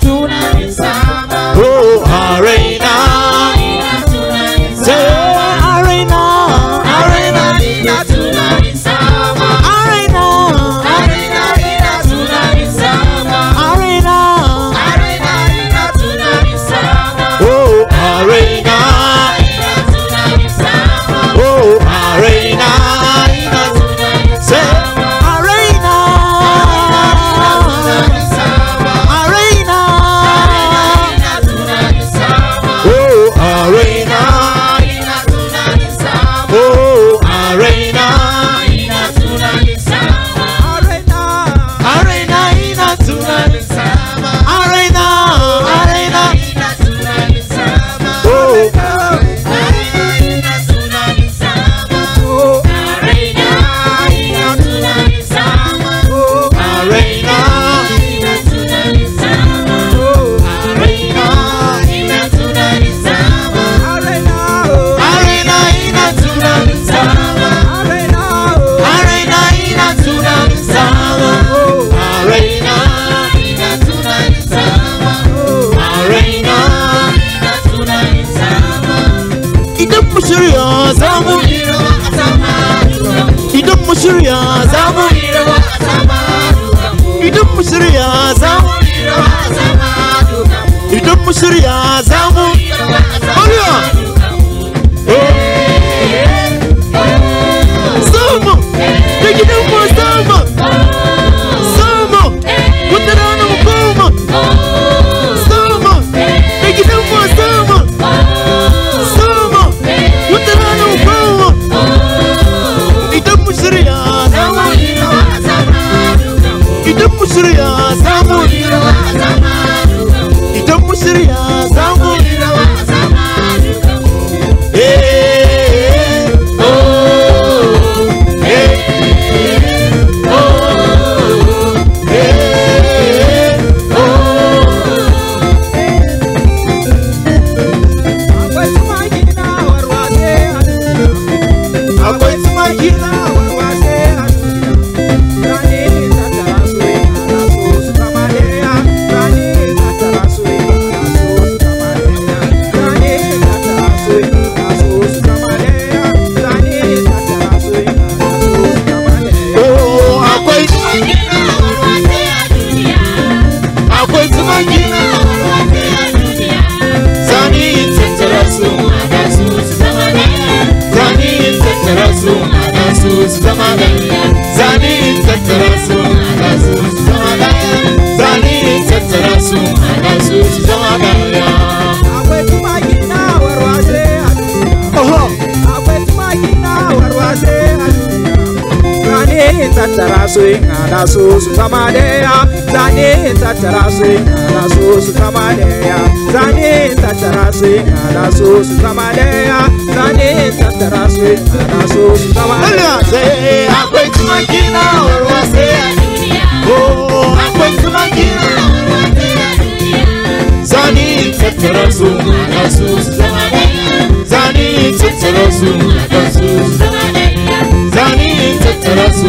Tuna pesa Idan musuriya zamu Ei! su na su su kama da ya zane tattara su na su su kama da ya zane tattara su na su su kama da ya oh, zane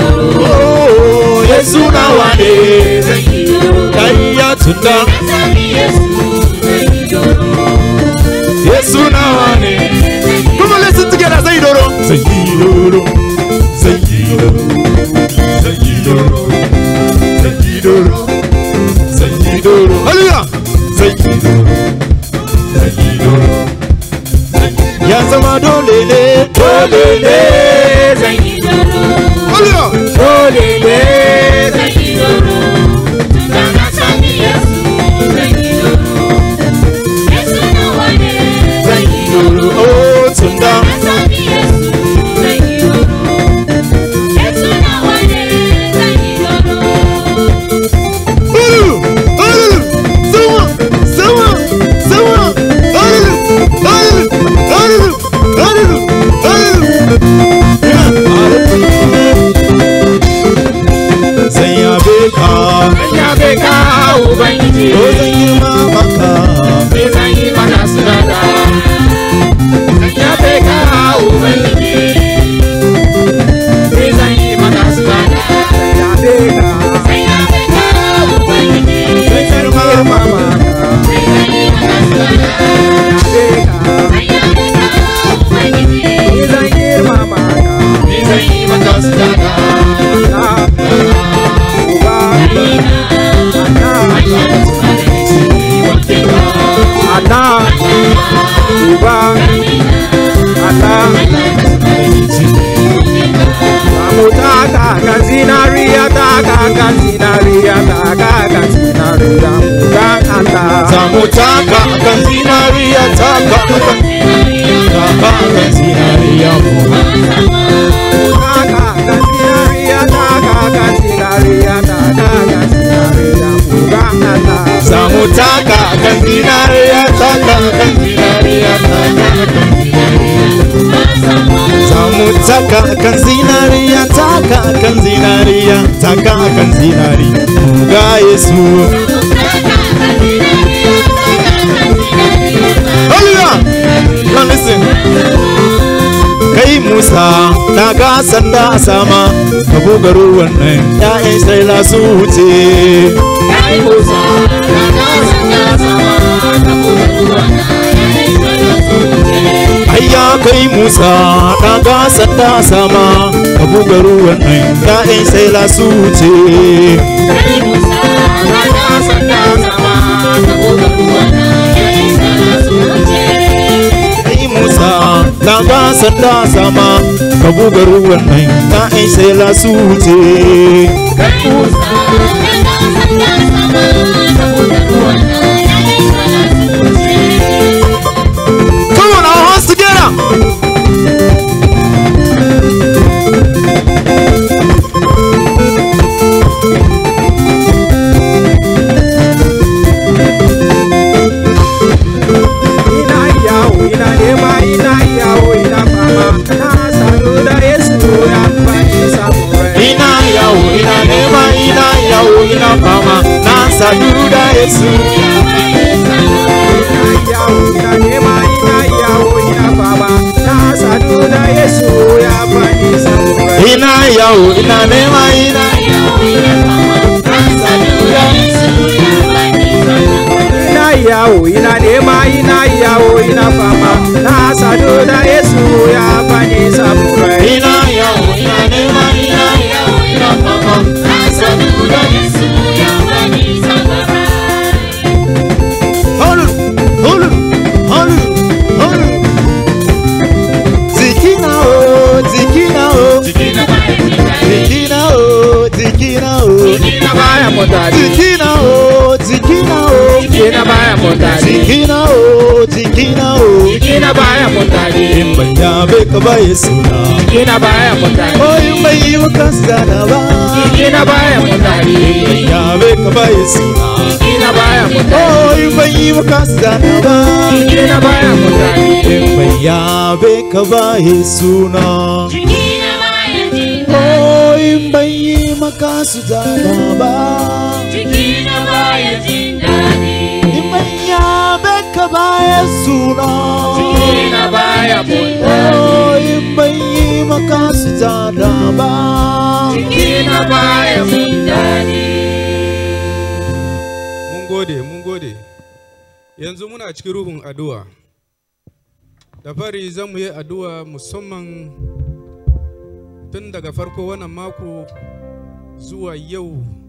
Oh, Yesu na wane Kaya tunda Yesu na wane Come on, listen together, say idoro Say idoro Say idoro Say idoro Say idoro Say idoro Hallelujah Say idoro yan zama dolele dolele zan yi daro dolele ga zinariya ta ga ga zinariya ta ga ga zinariya ga kanta samu ta ga ga zinariya ta ga ga ga ga zinariya ga ga ga zinariya ta ga ga zinariya ta ga ga zinariya ga kanta samu ta ga ga zinariya taka akan zinariya taka akan zinariya taka akan zinari ga yesu Kai Musa na ga sanda a sama ka buga ruwan nan ƴaƴan su wuce. Kai Musa taka sanda sama ka buga ruwan kai musa ta gasa ta sama ka buga ruwan nan in sai la su wuce kai musa ta gasa ta sama ka buga ruwan nan in sai la su wuce kai musa ta gasa ta sama ka buga ruwan nan in sai la su wuce kai musa yawunyina mama nansanyuda yesu ina yau ina nema ina ina yau ina nema ina yawo ina fama na sadu da yesu ya fani samu bai dame ka ba ya suna kina baya mutane koyi mai yi maka sana ba kina baya mutane bai dame ka ba ya suna kina baya mutane koyi mai yi maka sana ba kina baya mutane bai dame ka ba ya suna koyi mai yi maka sana ba kina baya jin daɗi na baka baya suna jikina baya bunda in ban yi maka sujada ba jikina baya bunda mun gode yanzu muna cikin ruhun addu'a da fari zan yi addu'a musamman tun daga farko wannan mako zuwa yau